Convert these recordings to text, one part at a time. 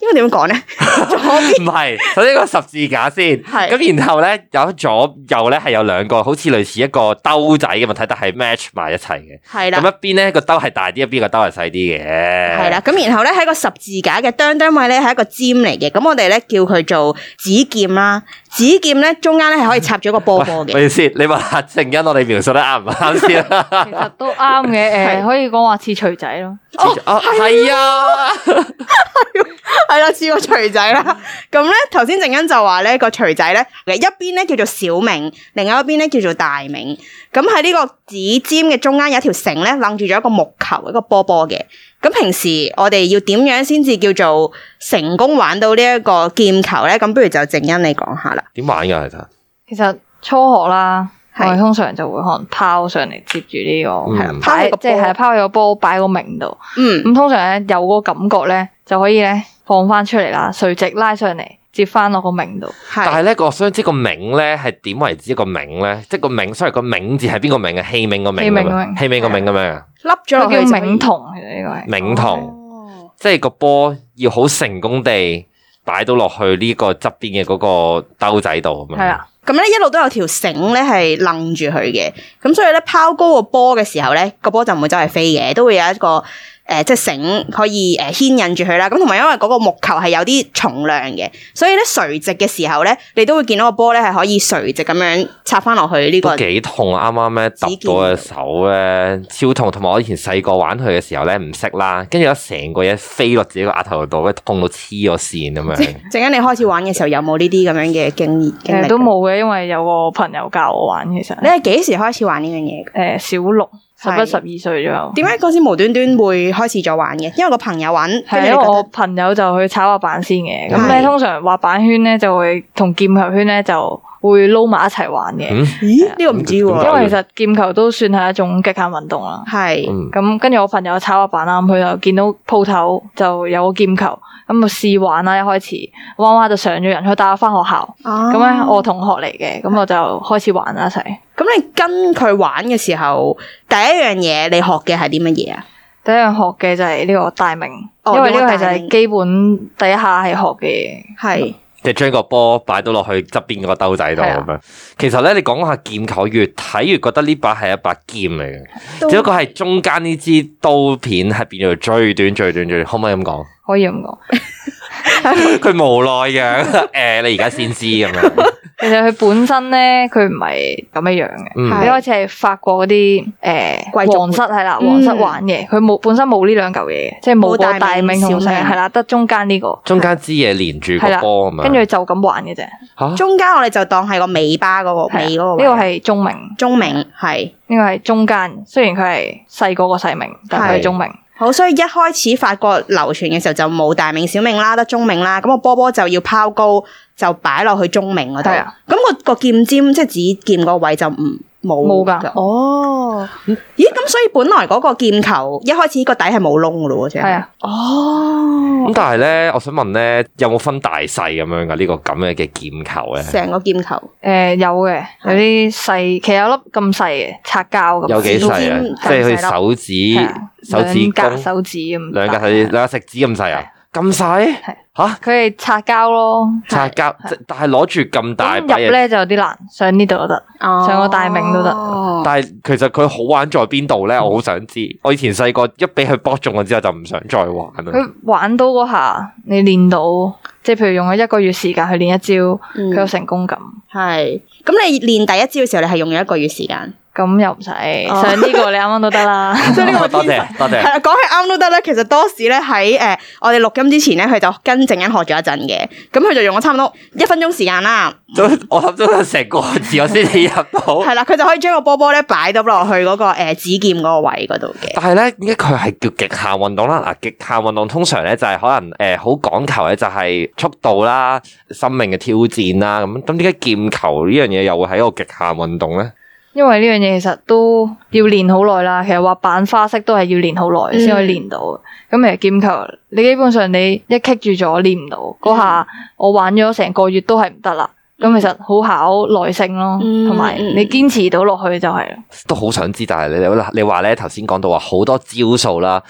因為點講咧？唔係， 首先個十字架先，咁是然後咧有左右咧係有兩個，好似類似一個兜仔嘅物睇得係 match 埋一齊嘅。係啦的，咁一邊咧，那個兜係大啲，一邊個兜係細啲嘅。係啦，咁然後咧喺個十字架嘅釘釘位咧係一個尖嚟嘅，咁我哋咧叫佢做指劍啦。指劍咧，中間咧，係可以插咗個波波嘅。意思，你話靖殷，我哋描述得啱唔啱先？ 其實都啱嘅，誒是、呃，可以講話似錘仔咯。哦，係、哦、啊，係啦，似個錘仔啦。咁 咧、嗯，頭先靖殷就話咧個錘仔咧，一邊咧叫做小明，另外一邊咧叫做大明。咁喺呢個指劍嘅中間有一條繩咧，掟住咗一個木球，一個波波嘅。咁平時我哋要點樣先至叫做成功玩到呢一個劍球咧？咁不如就靖殷你講下啦。點玩噶？其實其實初學啦，是我哋通常就會可能拋上嚟接住呢、這個，係啦，即係拋個波，擺個明度。嗯，咁通常咧有嗰感覺咧，就可以咧放翻出嚟啦，垂直拉上嚟。接翻落個名度，但係咧我想知個名咧係點為止一個名咧，即係個名，所以個名字係邊個名啊？器皿個名，器皿個名咁樣啊，笠咗，叫銘銅，其實呢個係銘銅，即係個波要好成功地擺到落去的的呢個側邊嘅嗰個兜仔度咁樣。係啦，咁咧一路都有條繩咧係掕住佢嘅，咁所以咧拋高個波嘅時候咧，個波就唔會周圍飛嘅，都會有一個。誒、呃、即係繩可以誒、呃、牽引住佢啦，咁同埋因為嗰個木球係有啲重量嘅，所以咧垂直嘅時候咧，你都會見到個波咧係可以垂直咁樣插翻落去呢、呢個。都幾痛啊！啱啱咧揼到隻手咧超痛，同埋我以前細個玩佢嘅時候咧唔識啦，跟住我成個嘢飛落自己個額頭度，痛到黐咗線咁樣。陣間 你開始玩嘅時候有冇呢啲咁樣嘅經驗？誒、嗯、都冇嘅，因為有個朋友教我玩其實。你係幾時開始玩呢樣嘢？誒、嗯、小六。十一、十二歲左右，點解嗰時無端端會開始咗玩嘅？因為我朋友玩，跟住我朋友就去踩滑板先嘅。咁咧的，通常滑板圈咧就會同劍球圈咧就。會撈埋一齊玩嘅，咦？呢個唔知喎，因為其實劍球都算係一種極限運動啦。係是，咁、嗯、跟住我朋友炒滑板啦，咁佢就見到鋪頭就有劍球，咁就試玩啦。一開始，哇哇就上咗人，佢帶我翻學校，咁咧、啊、我同學嚟嘅，咁我就開始玩一齊。咁、啊、你跟佢玩嘅時候，第一樣嘢你學嘅係啲乜嘢啊？第一樣學嘅就係呢個大名，哦、因為呢個就係基本第一下係學嘅，係、嗯。即係將個波擺到落去側邊個兜仔度咁樣，啊，其實咧你講下劍球，越睇越覺得呢把係一把劍嚟嘅，刀只不過係中間呢支刀片係變做最短、最短、最短，可唔可以咁講？可以咁講。佢 無奈嘅，誒、 哎，你而家先知咁樣。 其實佢本身咧，佢唔係咁樣樣嘅，一開始係法國嗰啲誒貴族，係啦，皇室、嗯、皇室玩嘅，佢冇本身冇呢兩嚿嘢嘅，即係冇個大名同細名係啦，得中間呢、這個。中間支嘢連住個波，跟住就咁玩嘅啫。中間我哋就當係個尾巴嗰個尾個，呢、啊這個係中名，中名係呢個係中間，雖然佢係細過個細名，但係中名。好，所以一開始發覺流傳嘅時候就冇大皿小皿啦，得中皿啦，咁個波波就要拋高就擺落去中皿嗰度，咁個劍尖即係指劍個位就唔。冇冇噶哦，咦咁所以本來嗰個劍球一開始個底係冇窿噶咯，啫係啊，哦咁但係咧，我想問咧，有冇分大細咁樣噶呢個咁樣嘅劍球咧？成個劍球誒、呃，有嘅有啲細，其實有粒咁細嘅擦膠，有幾細啊？即係佢手指手指甲，手指咁，兩個手指兩個食指咁細啊？咁細，吓佢係擦膠咯，擦膠架，是但係攞住咁大。入咧就有啲難，上呢度都得，哦、上個大名都得。哦、但係其實佢好玩在邊度咧？我好想知。嗯、我以前細個一俾佢博中咗之後，就唔想再玩。佢玩到嗰下，你練到，嗯、即係譬如用咗一個月時間去練一招，佢有成功感。係、嗯，咁你練第一招嘅時候，你係用咗一個月時間。咁又唔使，上呢個你啱啱，都得啦。 呢 多謝，多謝。係啦，講 起啱都得啦。其實多時咧，喺、呃、誒，我哋錄音之前咧，佢就跟靖殷學咗一陣嘅。咁佢就用咗差唔多一分鐘時間啦。 我入咗成個字，我先至入到。係啦， 佢 就可以將個波波咧擺到落去嗰個誒指劍，嗰個位嗰度嘅。但係咧，點解佢係叫極限運動啦？嗱，極限運動通常咧就係可能誒好講求咧就係速度啦、生命嘅挑戰啦咁。咁點解劍球呢樣嘢又會喺一個極限運動咧？因為呢樣嘢，其實都要練好耐啦，其實滑板花式都係要練好耐先可以練到。咁其實劍球你基本上你一棘住咗練唔到，嗰下我玩咗成個月都係唔得啦。咁、嗯、其實好考耐性咯，同埋你堅持到落去就係、嗯、都好想知，但係你你你話咧頭先講到話好多招數啦，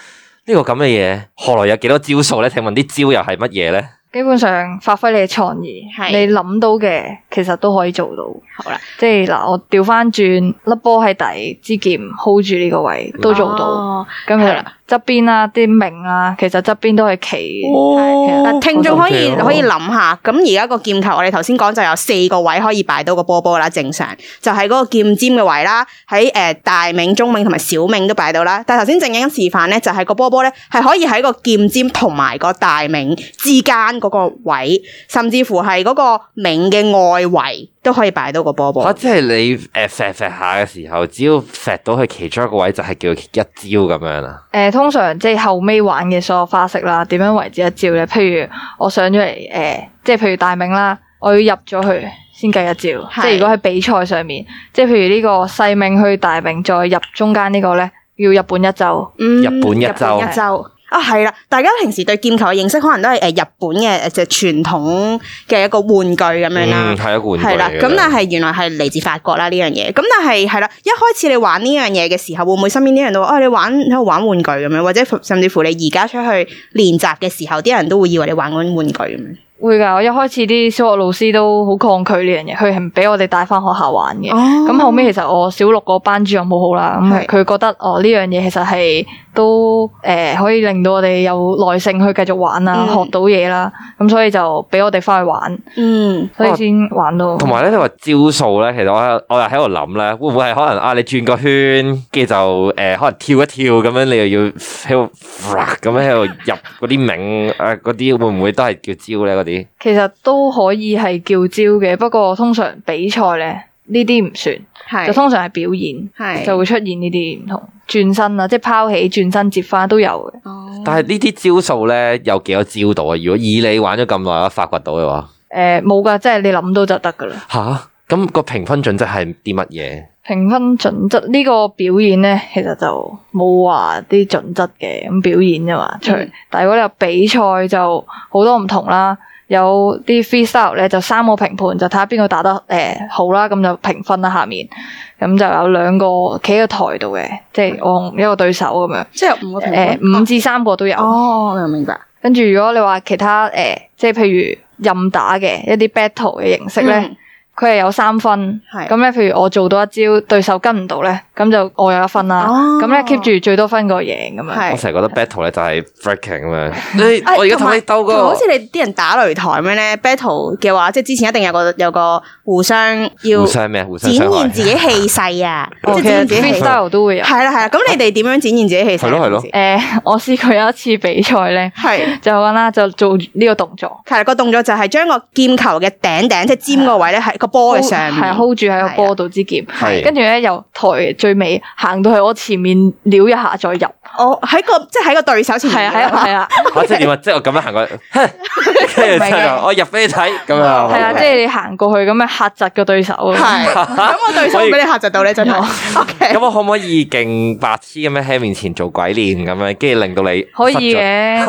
呢、這個咁嘅嘢何來有幾多招數咧？請問啲招又係乜嘢咧？基本上發揮你嘅創意，是你諗到嘅其實都可以做到。好啦吧，即係嗱，我掉翻轉粒波喺底，支劍 hold 住呢個位都做到。咁係、哦天側邊啊，啲名啊，其實側邊都係企。哦，聽眾、啊、可以可以諗下，咁而家個劍球，我哋頭先講就有四個位可以擺到個波波啦。正常就係、是、嗰個劍尖嘅位啦，喺誒、呃、大名、中名同埋小名都擺到啦。但係頭先靖殷示範咧，就係、是、個波波咧係可以喺個劍尖同埋個大名之間嗰個位，甚至乎係嗰個名嘅外圍。都可以擺到個波波、啊。即係你誒，擲、呃、擲下嘅時候，只要擲到佢其中一個位，就係叫一招咁樣啦、啊。誒、呃，通常即係後尾玩嘅所有花式啦，點樣為之一招咧？譬如我上咗嚟，誒、呃，即係譬如大明啦，我要入咗去先計一招。是即係如果喺比賽上面，即係譬如呢個細命去大明再入中間呢個咧，要本、嗯、日本一周。嗯，日本一周。啊，係啦、哦！大家平時對劍球嘅認識可能都係誒、呃、日本嘅誒即係傳統嘅一個玩具咁樣啦，係、嗯、一個玩具嚟嘅。咁但係原來係嚟自法國啦呢樣嘢。咁但係係啦，一開始你玩呢樣嘢嘅時候，會唔會身邊啲人都話，哦，你玩喺度玩，玩玩具咁樣？或者甚至乎你而家出去練習嘅時候，啲人都會以為你玩緊玩具咁樣？會噶，我一開始啲小學老師都好抗拒呢樣嘢，佢係唔俾我哋帶翻學校玩嘅。咁、哦、後尾其實我小六個班主任好好啦，咁佢是覺得哦呢樣嘢其實係都誒、呃、可以令到我哋有耐性去繼續玩啦，嗯、學到嘢啦。咁所以就俾我哋翻去玩。嗯，所以先玩到、啊。同埋咧，你話招數咧，其實我我又喺度諗咧，會唔會係可能啊？你轉個圈，跟住就誒、呃，可能跳一跳咁樣，你又要喺度咁樣喺度入嗰啲名 啊，嗰啲會唔會都係叫招咧？其實都可以係叫招嘅，不過通常比賽咧呢啲唔算。是就通常係表演。是就會出現呢啲唔同轉身啊，即係拋起轉身接翻都有嘅。哦、但係呢啲招數咧，有幾多招到啊？如果以你玩咗咁耐，有發掘到嘅話？誒、呃，冇噶，即係你諗到就得噶啦。吓、啊、咁、個評分準則係啲乜嘢？評分準則呢、呢個表演咧，其實就冇話啲準則嘅，咁表演啫嘛。除、嗯、但係如果你話比賽就好多唔同啦。有啲 free style 咧，就三個評判就睇下邊個打得誒、呃、好啦，咁就評分啦，下面。咁就有兩個企喺個台度嘅，即係我一個對手咁樣。即係五個評、呃、五至三個都有。哦，明白。跟住如果你話其他誒、呃，即係譬如任打嘅一啲 battle 嘅形式咧。嗯佢係有三分，咁咧，譬如我做多一招，對手跟唔到咧，咁就我有一分啦。咁咧 keep 住最多分個贏咁樣。我成日覺得 battle 咧就係 breaking 咁樣。我而家同你鬥過。好似你啲人打擂台咩咧，battle 嘅話，即係之前一定有個有個互相要。互相咩？互相展示自己氣勢啊！即係展 style 都會有。係啦係啦，咁你哋點樣展示自己氣勢？係咯係咯。誒，我試過有一次比賽咧，係就咁啦，就做呢個動作。係個動作就係將個劍球嘅頂頂即係尖個位咧，係波嘅聲係 hold 住喺個波度之劍，跟住咧由台最尾行到去我前面撩一下再入，我喺個即係喺個對手前係啊係啊，即係點啊即係我咁樣行過，跟住之後我入俾你睇咁樣，係啊即係你行過去咁樣嚇窒個對手，係咁我對手俾你嚇窒到你真係好，咁我可唔可以勁白痴咁樣喺面前做鬼臉咁樣，跟住令到你可以嘅，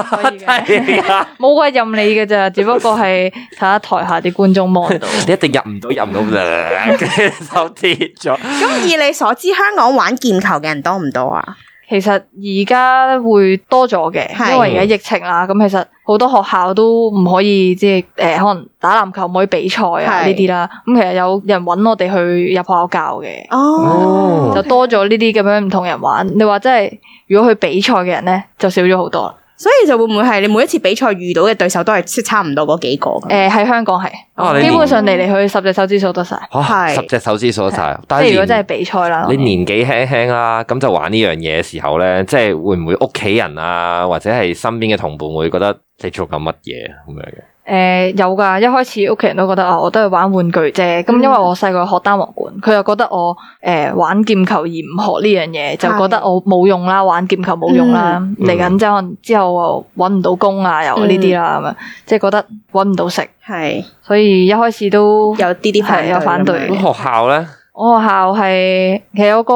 冇鬼任你嘅咋，只不過係睇下台下啲觀眾望到，你一定入唔到。入咁就跌咗。咁以你所知，香港玩劍球嘅人多唔多啊是？其實而家會多咗嘅，因為而家疫情啦，咁其實好多學校都唔可以即係誒，可能打籃球唔可以比賽啊呢啲是啦。咁其實有人搵我哋去入學校教嘅，哦，oh, okay. 就多咗呢啲咁樣唔同人玩。你話真係如果去比賽嘅人呢，就少咗好多。所以就會唔會係你每一次比賽遇到嘅對手都係差唔多嗰幾個？誒、呃，喺香港係，哦、基本上嚟嚟去去十隻手指數得晒，係、哦、是十隻手指數得晒。是但係如果真係比賽啦，是能你年紀輕輕啦、啊，咁就玩呢樣嘢嘅時候咧，即係會唔會屋企人啊，或者係身邊嘅同伴會覺得你做緊乜嘢咁樣嘅？誒、呃，有噶，一開始屋企人都覺得啊，我都係玩玩具啫。咁因為我細個學單簧管，佢又覺得我誒玩劍球而唔學呢樣嘢，就覺得我冇、呃、的用啦，玩劍球冇用啦，嚟緊、嗯、之後之後搵唔到工啊，嗯、又呢啲啦，咁啊，即係覺得搵唔到食，係的，所以一開始都有啲啲朋友反對。咁學校咧？我學校係其實有個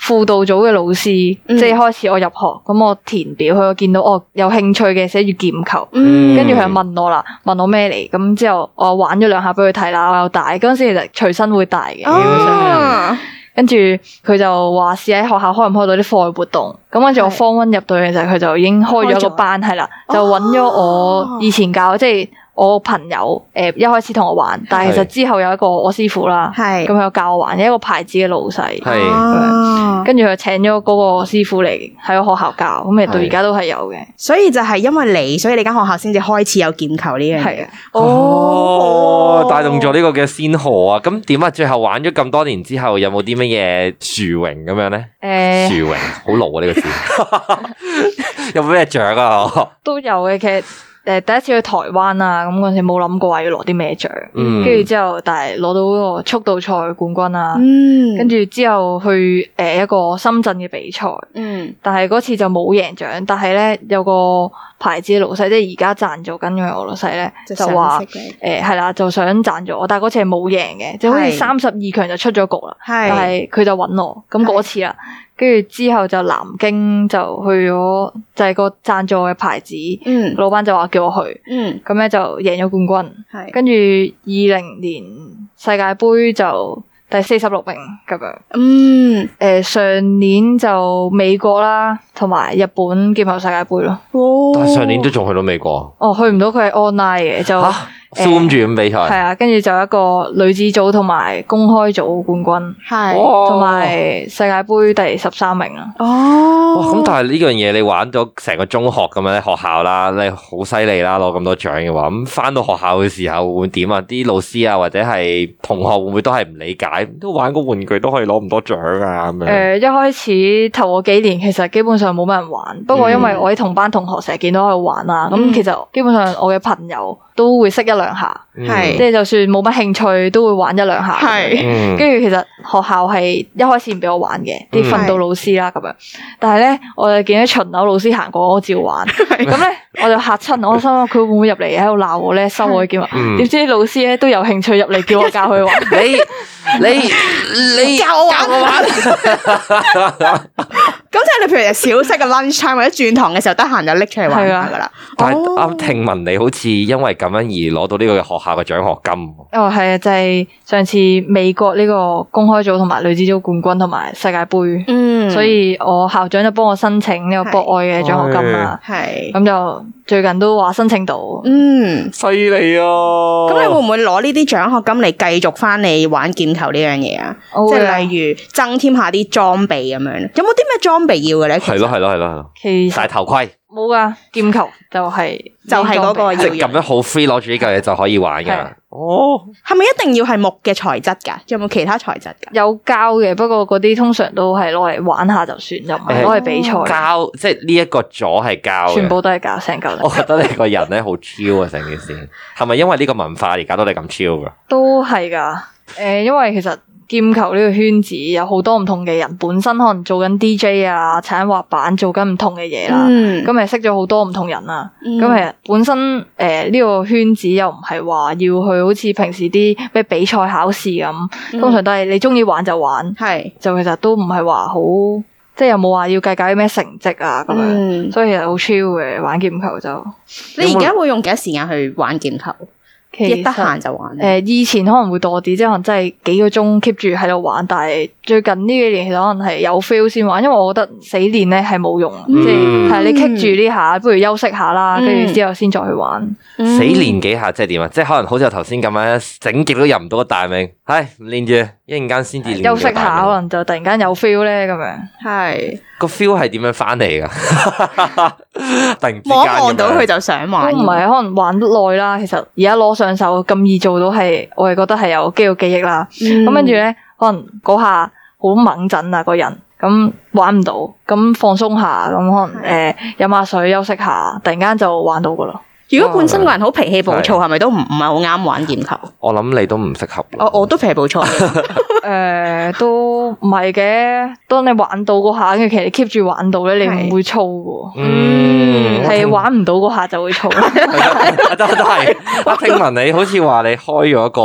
輔導組嘅老師，嗯、即係開始我入學咁，我填表佢又見到我、哦、有興趣嘅寫住劍球，跟住佢就問我啦，問我咩嚟？咁之後我玩咗兩下俾佢睇啦，我又帶嗰陣時其實隨身會帶嘅，跟住佢就話試喺學校開唔開到啲課外活動？咁跟住我 form one 入到去嘅時候，佢是就已經開咗個班係啦了，就揾咗我以前教，啊、即係。我朋友誒、呃、一開始同我玩，但係其實之後有一個我師傅啦，咁有教我玩，一個牌子嘅老細，跟住佢請咗嗰個師傅嚟喺學校教我，咁咪到而家都係有嘅。所以就係因為你，所以你間學校先至開始有劍球呢樣嘢。哦，大、哦哦、動咗呢個嘅先河啊！咁點啊？最後玩咗咁多年之後有有，有冇啲乜嘢殊榮咁樣咧？殊榮好老啊！呢、呢個殊榮 有冇咩獎啊？都有嘅，其實。誒第一次去台灣啊，咁嗰陣時冇諗過話要攞啲咩獎，跟住、嗯、之後但係攞到嗰個速度賽冠軍啊，跟住、嗯、之後去誒一個深圳嘅比賽，嗯、但係嗰次就冇贏獎。但係咧有個牌子老細，即係而家贊助緊嘅我老細咧，就話誒係啦，就想贊助我，但係嗰次係冇贏嘅，就好似三十二強就出咗局啦。係的，但係佢就揾我，咁嗰次啦。跟住之後就南京就去咗，就係、是、個贊助嘅牌子，嗯，老闆就話叫我去，嗯，咁咧就贏咗冠軍，係，跟住二零年世界杯就第四十六名咁樣，嗯，誒上、呃、年就美國啦，同埋日本劍球世界杯咯，哇但係上年都仲去到美國，哦，去唔到，佢係 online 嘅就、啊。sum 比賽係、欸、啊，跟住就一個女子組同埋公開組冠軍，係同埋世界杯第十三名啊。哦，咁但係呢樣嘢你玩咗成個中學咁樣，學校啦，你好犀利啦，攞咁多獎嘅話，咁、嗯、翻到學校嘅時候會點啊？啲老師啊，或者係同學會唔會都係唔理解？都玩個玩具都可以攞咁多獎啊？咁樣誒，一開始頭嗰幾年其實基本上冇乜人玩，嗯、不過因為我啲同班同學成日見到我喺度玩啊，咁、嗯、其實基本上我嘅朋友。都會識一兩下，嗯、即係就算冇乜興趣都會玩一兩下。跟住、嗯、其實學校係一開始唔俾我玩嘅，啲訓導老師啦咁樣。嗯、但係咧，我就見到巡樓老師行過，我照玩。咁咧， 我就嚇親， 我心諗佢會唔會入嚟喺度鬧我咧，收我嘅，叫、嗯、點知啲老師咧都有興趣入嚟叫我教佢玩。 你你你教我教我玩。 即係你譬如小息嘅 lunchtime 或者轉堂嘅時候得閒就拎出嚟玩噶啦。但係聽聞你好似因為咁樣而攞到呢個學校嘅獎學金。哦係啊，就係上次美國呢個公開組同埋女子組冠軍同埋世界杯，嗯，所以我校長就幫我申請呢個博愛嘅獎學金啦，係咁就。最近都話申請到，嗯，犀利啊！咁你會唔會攞呢啲獎學金嚟繼續翻嚟玩劍球呢樣嘢啊？啊即係例如增添一下啲裝備咁樣，有冇啲咩裝備要嘅呢？係咯，係咯，係咯，戴實頭盔。冇噶，劍球就係、是、就係嗰個嘢，即係咁樣好 free 攞住呢嚿嘢就可以玩噶啦。哦是，係咪、oh、一定要係木嘅材質噶？有冇其他材質噶？有膠嘅，不過嗰啲通常都係攞嚟玩下就算，唔係攞嚟比賽、欸。膠即係呢一個座係膠，全部都係膠成嚿。我覺得你個人咧好 chill 啊，成 件事係咪因為呢個文化而搞到你咁 chill 噶？都係噶，誒、欸，因為其實。劍球呢個圈子有好多唔同嘅人，本身可能做緊 D J 啊，踩緊滑板，做緊唔同嘅嘢啦。咁咪、嗯、識咗好多唔同人啦、啊。咁其實本身誒呢、呃這個圈子又唔係話要去好似平時啲咩比賽考試咁，通常都係你中意玩就玩，係、嗯、就其實都唔係話好，即係又冇話要計較啲咩成績啊咁樣。嗯、所以其實好 chill 嘅玩劍球就。你而家會用幾多時間去玩劍球？一得閒就玩。誒、呃，以前可能會多啲，即係可能真係幾個鐘 keep 住喺度玩。但係最近呢幾年其實可能係有 feel 先玩，因為我覺得死練咧係冇用。嗯、即係係你 keep 住呢下，不如休息下啦，跟住、嗯、之後先再去玩。嗯、死練幾下即係點啊？即係可能好似頭先咁樣，整極都入唔到個大名，係練住，一陣間先至休息下，可能就突然間有 feel 咧咁樣。係個 feel 係點樣翻嚟㗎？ 突然之間望 到佢就想玩，唔係可能玩耐啦。其實而家攞上。兩手咁易做到係，我係覺得係有肌肉記憶啦。咁跟住咧，可能嗰下好猛震啊，個人咁玩唔到，咁放鬆下，咁可能誒飲呃、下水休息下，突然間就玩到噶啦。如果本身個人好脾氣暴躁，係咪都唔唔係好啱玩劍球？我諗你都唔適合我。我我、呃、都脾氣暴躁，誒都唔係嘅。當你玩到嗰下，其實 keep 住玩到咧，你唔會燥嘅。嗯，係、嗯、玩唔到嗰下就會燥。係、嗯、我聽聞你好似話你開咗個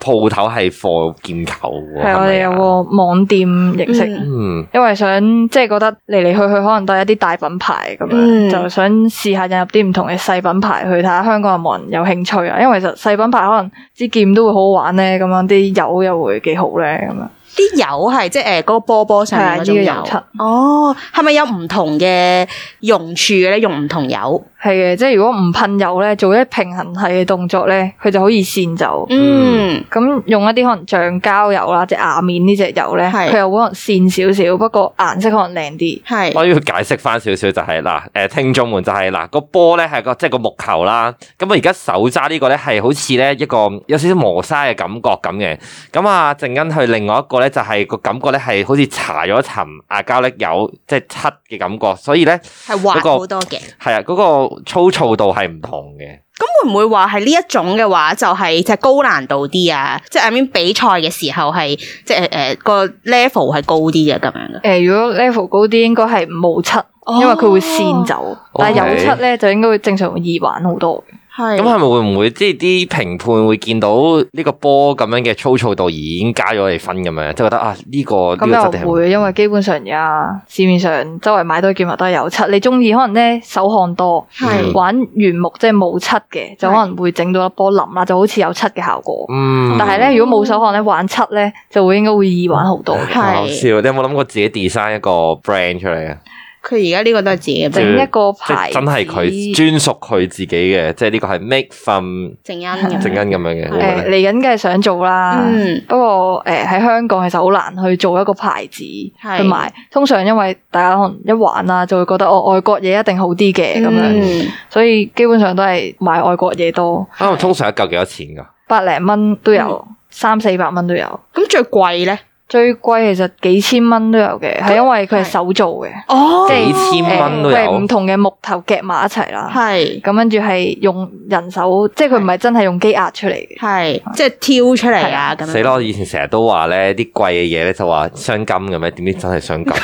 鋪頭係貨劍球，係我哋有個網店形式。嗯，嗯，因為想即係覺得嚟嚟去去可能都係一啲大品牌咁樣，嗯、就想試下引入啲唔同嘅細品牌。去睇下香港人有冇人有興趣啊，因為其實細品牌可能啲劍都會好好玩咧，咁樣啲油又會幾好咧咁啊。啲油係即係誒嗰個波波上面嗰種油哦，係咪有唔同嘅用處咧？用唔同油係嘅，即係如果唔噴油咧，做一啲平衡係嘅動作咧，佢就可以跣走。嗯，咁用一啲可能橡膠油啦，隻牙面呢隻油咧，佢又可能跣少少，不過顏色可能靚啲。係，我要解釋返少少就係嗱，誒聽眾們就係嗱，個波咧係個即係個木球啦。咁我而家手揸呢個咧係好似咧一個有少少磨砂嘅感覺咁嘅。咁啊，陣間去另外一個咧。就係個感覺咧，係好似搽咗層阿膠粒油，即係漆嘅感覺，所以咧、那、係、個、滑好多嘅，係啊，嗰、那個粗糙度係唔同嘅。咁會唔會話係呢一種嘅話，就係即係高難度啲啊？即係 I mean 比賽嘅時候係即係誒、呃、個 level 係高啲啊。咁樣誒、呃，如果 level 高啲，應該係冇漆，7，因為佢會先走，哦、但係有漆咧 Okay. 就應該會正常容易玩好多。咁係咪會唔會即係啲評判會見到呢個波咁樣嘅粗糙度而已經加咗嚟分咁樣？即係覺得啊呢、這個呢、嗯、個質地是是會，因為基本上而家市面上周圍買到嘅劍物都係有漆。你中意可能咧手汗多，係的玩原木即係冇漆嘅，就可能會整到一波冧啦，就好似有漆嘅效果。嗯的，但係咧如果冇手汗咧玩漆咧，就應該會應該會易玩好多。好笑，你有冇諗過自己 design 一個 brand 出嚟啊？佢而家呢個都係自己整一個牌，真係佢專屬佢自己嘅，即係呢個係 make from 靖殷咁靖殷咁樣嘅。誒嚟緊梗係想做啦，不過誒喺香港其實好難去做一個牌子，同埋通常因為大家可能一玩啊，就會覺得我外國嘢一定好啲嘅咁樣，所以基本上都係買外國嘢多。通常一嚿幾多錢㗎？百零蚊都有，三四百蚊都有。咁最貴咧？最貴其實幾千蚊都有嘅，係因為佢係手做嘅，即係唔同嘅木頭夾埋一齊啦。係咁跟住係用人手，即係佢唔係真係用機壓出嚟嘅，係即係挑出嚟啊！咁死咯！我以前成日都話咧，啲貴嘅嘢，咧就話鑲金嘅咩？點知真係鑲金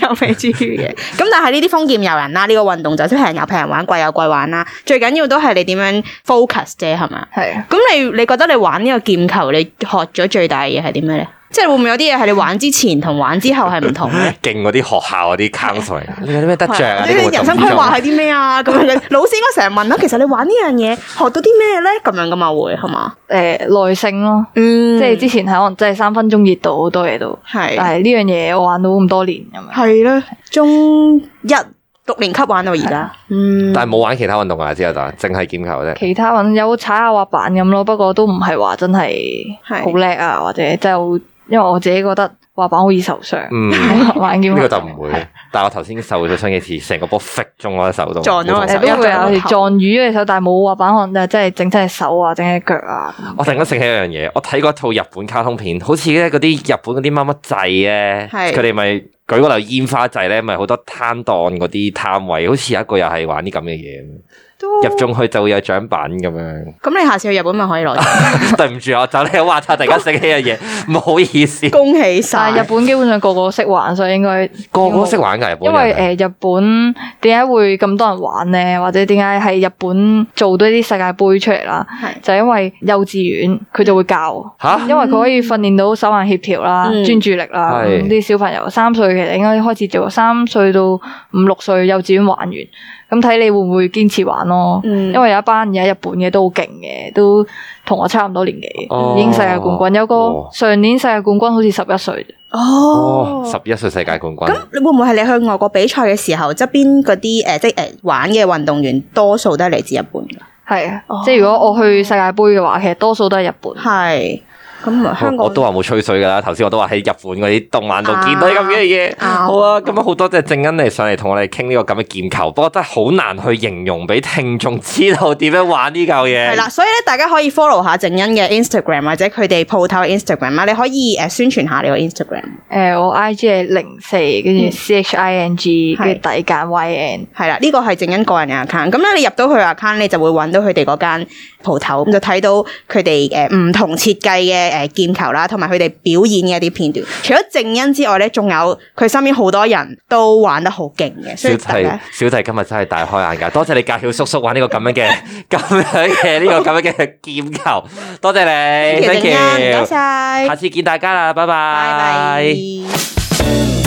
又未至於嘅？咁但係呢啲豐儉由人啦，呢個運動就算平有平玩，貴有貴玩啦。最緊要都係你點樣 focus 啫，係嘛？係咁你你覺得你玩呢個劍球，你學咗最大嘅嘢係點嘅咧？即係會唔會有啲嘢係你玩之前同玩之後係唔同？勁嗰啲學校嗰啲 counselor，有啲咩得着、啊？你嘅的人生規劃係啲咩啊？咁 樣老師應該成日問啦。其實你玩呢樣嘢學到啲咩咧？咁樣噶嘛會係嘛？誒、呃，耐性咯，嗯、即係之前係可能即係三分鐘熱度，好多嘢都係。但係呢樣嘢我玩到咁多年咁樣。係啦，中一六年級玩到而家。嗯。但係冇玩其他運動啊，之後就淨係劍球啫。其他運動有踩下滑板咁咯，不過都唔係話真係好叻啊，或者就。因為我自己覺得滑板好易受傷，嗯、 玩呢乎個就唔會。 但係我頭先受咗傷嘅時，成個波揈中我隻手度， 撞咗我隻手。有時撞魚嘅手，但係冇滑板可能，即係整親手腳啊，整隻腳啊。我突然間醒起一樣嘢，我睇過一套日本卡通片，好似咧嗰啲日本嗰啲乜乜祭咧，佢哋咪舉個例煙花祭咧，咪好多攤檔嗰啲攤位，好似有一個又係玩啲咁嘅嘢。入中去就會有獎品咁樣。咁你下次去日本咪可以攞？對唔住我走你玩錯，大家食呢樣嘢，唔好意思。恭喜晒！日本基本上個個識玩，所以應該個個都識玩嘅日本。因為誒，日本點解會咁多人玩呢？或者點解喺日本做多啲世界杯出嚟啦？係就因為幼稚園佢就會教因為佢可以訓練到手眼協調啦、專注力啦。啲小朋友三歲其實應該開始做，三歲到五六歲幼稚園玩完。咁睇你會唔會堅持玩咯？嗯、因為有一班而家日本嘅,都好勁嘅，都同我差唔多年紀，哦、已經世界冠軍。有個上、哦、年世界冠軍好似十一歲。哦，十一歲世界冠軍。咁你會唔會係你去外國比賽嘅時候，側邊嗰啲誒，即係誒、呃、玩嘅運動員，多數都係嚟自日本噶？係啊，哦、即係如果我去世界杯嘅話，其實多數都係日本。係。咁，香港都話冇吹水噶啦。頭先我，我都話喺日本嗰啲動漫度見到咁嘅嘢。啊啊好啊，咁啊好多謝靖殷嚟上嚟同我哋傾呢個咁嘅劍球。不過真係好難去形容俾聽眾知道點樣玩呢嚿嘢。係啦，所以咧，大家可以 follow 下靖殷嘅 Instagram 或者佢哋鋪頭嘅 Instagram 啊。你可以誒宣傳下你個 Instagram。誒，我 IG 係零四，跟住 Ching 嘅底價 YN。係啦，呢個係靖殷個人 account。咁咧，你入到佢 account 你就會搵到佢哋嗰間鋪頭，就睇到佢哋誒唔同設計嘅。誒，劍球啦，同埋佢哋表演嘅一啲片段，除咗靖殷之外咧，仲有佢身邊好多人都玩得好勁嘅。小弟，以小弟，呢小弟今日真係大開眼界，多謝你介曉叔叔玩呢個咁樣嘅、咁 樣嘅、呢、這個咁樣嘅劍球，多謝你，介曉，多謝，下次見大家啦，謝謝拜拜。拜拜。